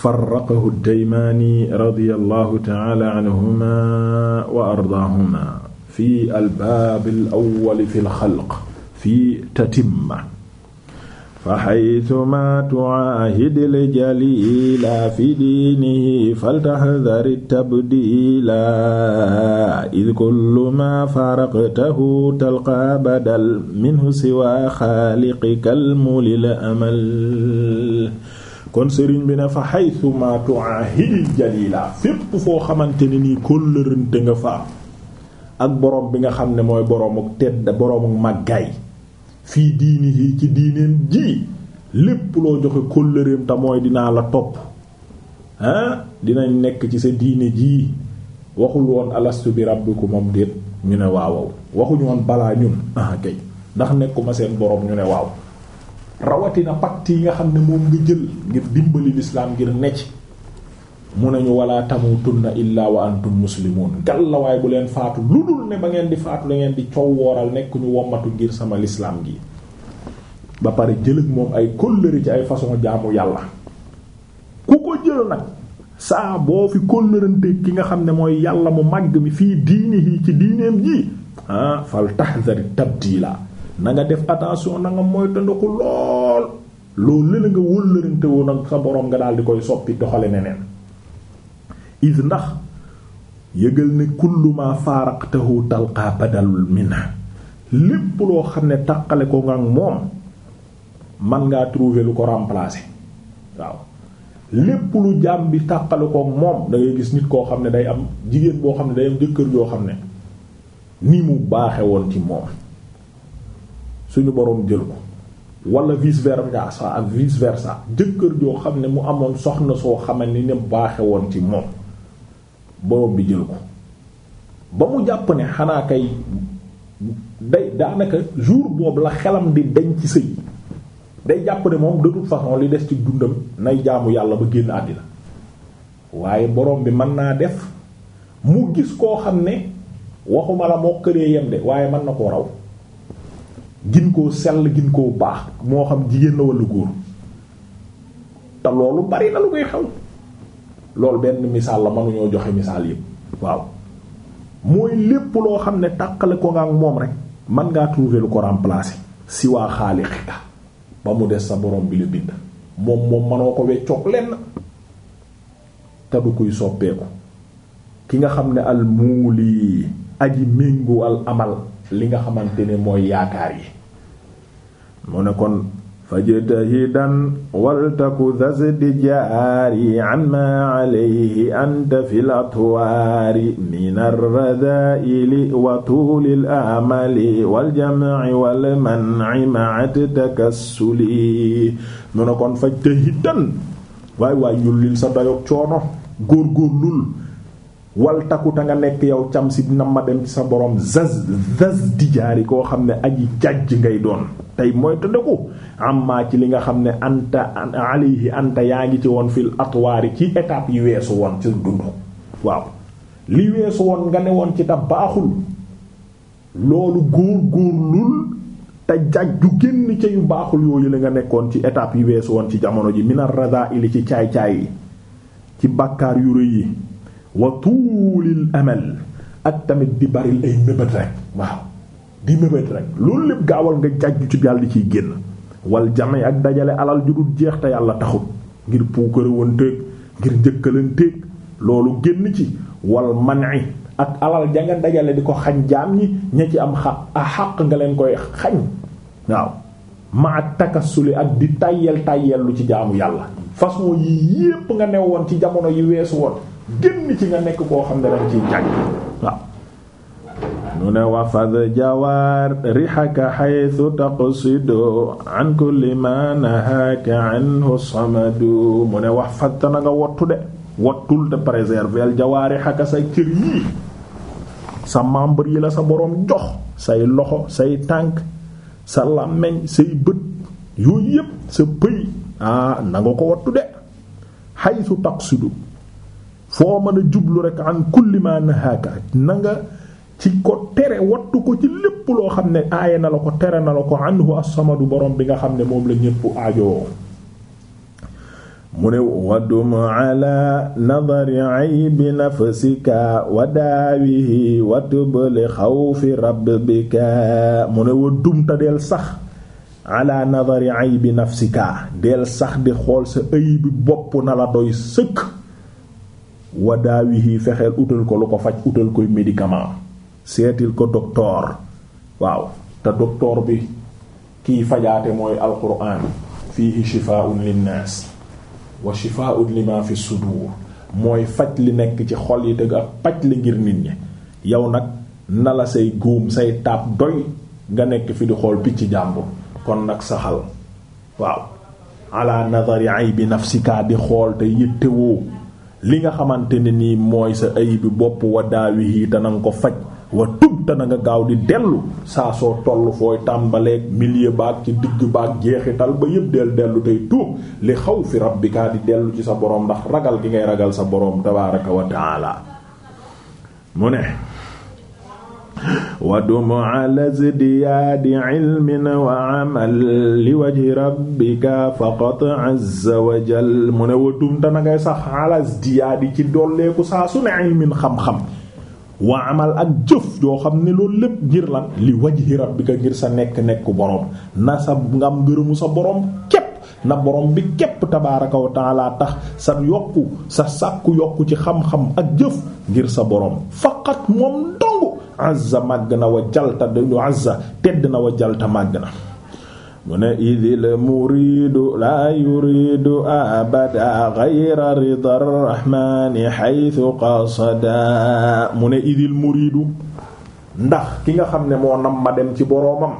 farraqahu ad-Daymaani radiyallahu ta'ala anhumaa wa ardaahumaa fi al-baab al-awwal fi al-xalq fi tatimma fa xaytumaa tucaahid al-jaliila fi diinihi faltaxdar at-tabdiila id kullu maa faraqtahu talqaa badal minhu siwaa xaaliqika al-mulil amal kon sëriñ bi ne fa haythuma tu'ahidil jalila fépp foo xamante ne nii kóllërante nga fa ak borom bi nga xam ne mooy boromuk tedd boromuk màggaay fii diini yi ci diineen ji lépp loo joxe kóllëreem te mooy dinaa la topp ah dinañ nekk ci sa diine jii waxul woon alastu bi rabbiku moom déet ñu ne waawaw waxuñu woon balaa ñun ah kay ndax nekkuma seen borom ñu ne waaw rawatina pacte yi nga xam ne moom nga jël ngir dimbali lislaam ngir necc mu nañu wala tamutunna illaa wa antum muslimun gàllawaay bu leen faatu lu dul ne ba ngeen di faatu da di coow wooral nekk ñu wommatu ngir sama lislaam gi ba pare jëlëg moom ay kóllëre ci ay façon jaamu yàlla ku ko jël nag saa boo fi kóllërante ki nga xam ne mooy yàlla mu màgg mi fii diini yi ci diineem ji ah, fal tahzar tabdila nanga def attention nanga nga moytandiku lool loolu la nga wëllërante woon ak sa borom nga daal di koy soppi doxale neneen is ndax yëgal ne kulluma faaraqtahu talqa badalul minna lépp loo xam ne taqale ko nga moom man ngaa trouver lu ko remplacer waaw lépp lu jaam bi tàqale koo moom dangay gis nit koo xam ne day am jigéen boo xam ne day am jëkkër joo xam ne ni mu baaxe woon ci moom suñu boroom jël ko wala vice versa ak vice versa jëkkër joo xam ne mu amoon soxna soo xamal ni ne baaxe woon ci moom boroom bi jël ko ba mu jàpp ne xanaa kay day daanaka jour boobu la xelam di deñ ci sëy day jàpp ne moom de toute façon li des ci dundam nay jaamu yàlla ba génn àddina waaye boroom bi mën naa def mu gis koo xam ne waxuma la moo këree yem de waaye mën na koo raw gin koo sell gin koo baax moo xam jigéen la wala góor te loolu bari na lu koy xew loolu benn misaal la mënuñoo joxe misaal yëpp waaw mooy lépp loo xam ne tàqale ko nga ak moom rek man ngaa trouver lu ko remplacer si waa xaalixika ba mu des sa borom bi la bind moom moom manoo ko weccoog lenn te du kuy soppeeku ki nga xam ne al muuli aji méngu al amal li nga xamante ne mooy yaakaar yi mu ne kon fajtahidan waltaku zasdijaari amma alayhi anta fi latwaari min alradaili wa tuuli l amali waljamci walmanci maat takassuli mu ne kon fajtahidan waay waay yullil sa dayoog coono góorgóorlul wal takuta nga nekk yow cam si na ma dem ci sa borom zaz zaz dijaari koo xam ne aji jajj ngay doon tey mooy tëddaku amma ci li nga xam ne anta alayhi anta yaa ngi ci woon fil atwaari ci étape yi weesu woon ci dund waaw li weesu woon nga ne woon ci ta baaxul loolu góor góorlul te jajju génn ca yu baaxul yooyu la nga nekkoon ci étape yi weesu woon ci jamono ji minar radaa ili ci caay caay ci bàkkaar yu rëy yi wa tuulil ak tamit di bari ay mébét rek waaw di mébét rek loolu lépp gaawal nga jàjju ci jàll di ciy génn wal jame ak dajale alal ju dul jeex te yàlla taxut ngir puukarewanteeg ngir njëkkalanteeg loolu génn ci wal man'i ak alal ja nga dajale di ko xañ jaam ñi ña ci am xaq xaq nga leen koy xañ waaw ma takasuli ak di tàyyel tàyyel lu ci jaamu yàlla façon yi yépp nga new woon ci jamono yi weesu woon génn ci nga nekk koo xam ne dañ ciy jàng waaw mu ne wax fadta na nga wattu de wattul te préserver jawaari xaka sa cër yii sa membre yi la sa boroom jox say loxo say tànk sa làmmeñ say bët yooyu yépp sa pëy ah na ko wattu de xaytu taqsidu foo mën a jublu rek am kulli ma nahaaka na ci ko tere wattu ko ci lépp loo xam ne aaya na la ko tere na la ko anhu as-samadu borom bi nga xam ne moom la ñépp aajowoo mu ne waddum ala nadari wa daawihi watubli xawfi rabbika mu ne sax ala nadari aybi del sax di xool sa ëy bi bopp na la doy sëkk wa daawihi fexeel utal ko lu ko faj utal koy médicament seetil ko docteur waaw te docteur bi kiy fajaate mooy alquran fii shifaa'un linnaas wa fi sudur mooy faj li nekk ci xol yi te ak paj la ngir nit ñi yow nag nala say góom say taab doy nga nekk fi di xool picc jàmbur kon nag saxal waaw ala nadari aybi nafsika di xool te yittewoo li nga xamante ne nii mooy sa ayibi bopp wa daawihi te na nga ko faj wa tub te na nga gaaw di dellu saa soo toll fooy tàmbaleeg milieu baag ci digg baag jeexital ba yëpp del dellu tey tuub li xaw fi rabbika di dellu ci sa borom ndax ragal gi ngay ragal sa borom tabaaraka wa mu ne wadum ala zdiyaadi ilmin wa amal li wajhi rabbika faqat azza wa jal mu ne wadum te na ngay sax ala zdiyaadi ci dolleeku saa su ne ilmin xam-xam waa amal ak jëf yoo xam ne loolu lépp ngir lan li wajhi rabbika ngir sa nekk-nekk boroom na sa ngam ngërëmu sa boroom képp na boroom bi képp tabaaraka wa taala tax sa yokku sa sàkku yokku ci xam-xam ak jëf ngir sa boroom faqat moom dong azza màgg na wa jalta du azza tedd na wa jalta màgg na mu ne idil muridu laa yuridu abada gayra rida rahmani xaytu qasada mu ne idil muridu ndax ki nga xam ne moo nam ma dem ci boroomam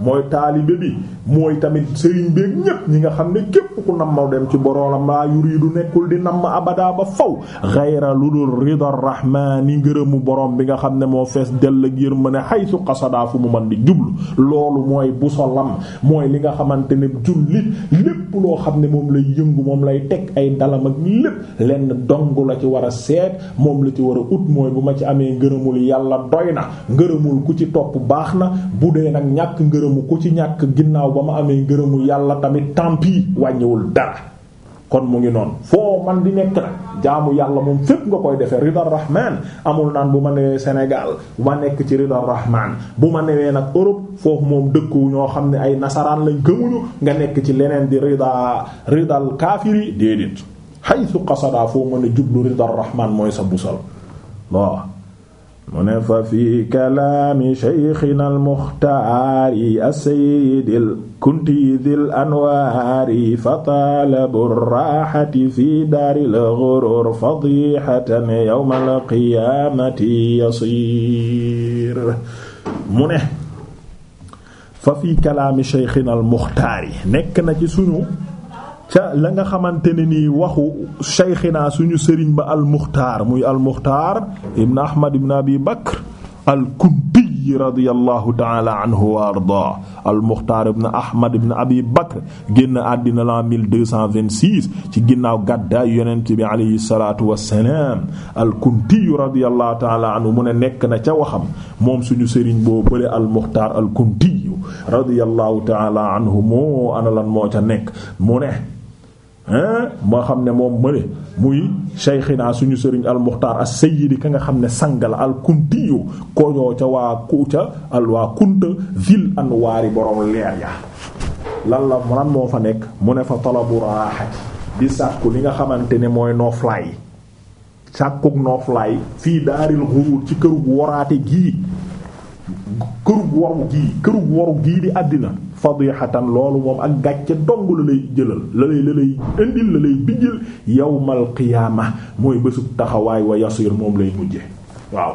mooy taalibe bi mooy tamit sëriñ beeg ñépp ñi nga xam ne képp ku nam dem ci boroom laa yuridu nekkul di namm ma abada ba faw xayra lu dul rida rahmaani ngërëmu borom bi nga xam ne moo fees dell ak ne haythu qasada fu mu man di jublu loolu mooy bu busolam mooy li nga xamante ne jullit lépp xam ne moom lay yëngu moom lay teg ay dalam ak lépp lenn dong la ci war a seet moom la ci war a ut mooy bu ma ci amee ngërëmul yàlla doy na ngërëmul ku ci topp baax na bu dee nag ñàkk ngërëm ngërëmu ku ci ñàkk ginnaaw ba ma amee ngërëmu yàlla tamit tampi wàññiwul dara kon mu ngi noonu foo man di nekk nag jaamu yàlla moom fépp nga koy defee ridal rahman amul naan bu ma newee Sénégal ma nekk ci ridal rahman bu ma newee nag orop foofu moom dëkku ñoo xam ne ay nasaraan lañ gëmuñu nga nekk ci leneen di rida ridal kaafiri déedéet xaytu xasadaa foo mën a jublu ridal rahman mooy sa busal waaw mu ne fa fi kalaami sheykhina almuxtaari asayidil kunti dil anwaari fa taalabu raaxati fi daaril gurur fadixatan yowma alqiyaamati yasiir mu ne fa fi kalaami sheykhina almuxtaari nekk na ci suñu ca la nga xamante ne nii waxu shaykhina suñu sëriñ ba al-Mukhtar muy al-Mukhtar ibn Ahmad ibn Abi Bakr al-Kunti radiyallahu ta'ala anhu wa ardaa al-Mukhtar ibn Ahmad ibn Abi Bakr génn àddina la ci ginnaaw gàddaay yonent bi alayhi salaatu wassalaam al-Kunti radiyallahu ta'ala anhu mu ne nekk na ca waxam moom suñu sëriñ boo bële al-Mukhtar al-Kunti radiyallahu ta'ala anhu moo ana moo ca nekk mu ne moo xam ne moom mëne muy Cheikhina suñu sëriñ al Muxtaar as Sayyidi ka nga xam ne sangal al kuntiyu koñoo ca waa kuuca al waa kunta vil anwaari borom leer ya lan la lan moo fa nekk mu ne fa talabu raaxati di sàkku li nga xamante ne mooy nooflaay sàkkuk nooflaay fii daaril xuruur ci këru waraate gii kërug waru gii kërug waru gii di àddina fadihatan loolu moom ak gàcce dong la lay jëlal la lay la lay indil la lay bijjil yawmal qiyaama mooy bésub taxawaay wa yasir moom lay mujje waaw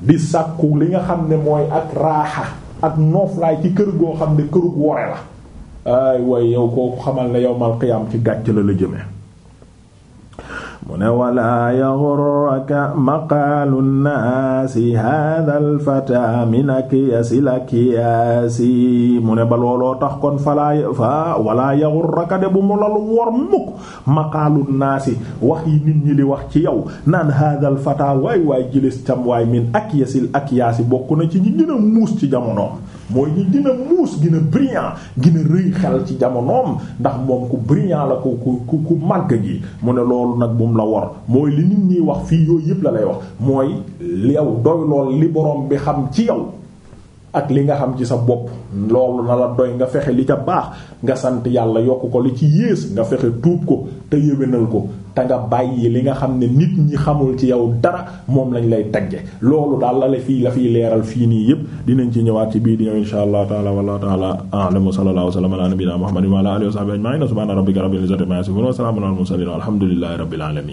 di sàkku li nga xam ne mooy ak raaxa ak nooflaay ci kër goo xam ne kërug wore la ay way yow kooku xamal ne yawmal qiyaam ci gàcce la la jëme mu ne walaa yaxurraka maqaalu nnaasi hada alfata min akyasi la mu ne ba looloo tax kon falaa fa walaa yaxurraka de bu mu lalu wor mukk maqaalu nnaasi wax yi nit ñi li wax ci yow naan hada alfata waay waay jilis tam waay min akyasil akyaasi bokk na ci ñi gën muus ci jamonoom mooy ñi gën muus gën a brillant rëy xel ci jamonoom ndax moom ku brillant la ku ku ku màgg gi mu ne loolu nag la wor mooy li nit ñiy wax fii yooyu yëpp la lay wax mooy yow doy lool li borom bi xam ci yow ak li nga xam ci sa bopp loolu na la doy nga fexe li ca baax nga sant yàlla yokk ko li ci yées nga fexe tuub ko te yéwénal ko te nga bàyyi li nga xam ne nit ñi xamul ci yow dara moom lañ lay tagge loolu daal la la fii la fiy leeral fii nii yëpp dinañ ci ñëwaat ci bii di ñëw insha allah taala wallahu taala a'lamu wa sallam ala nabiyina muhammadin wa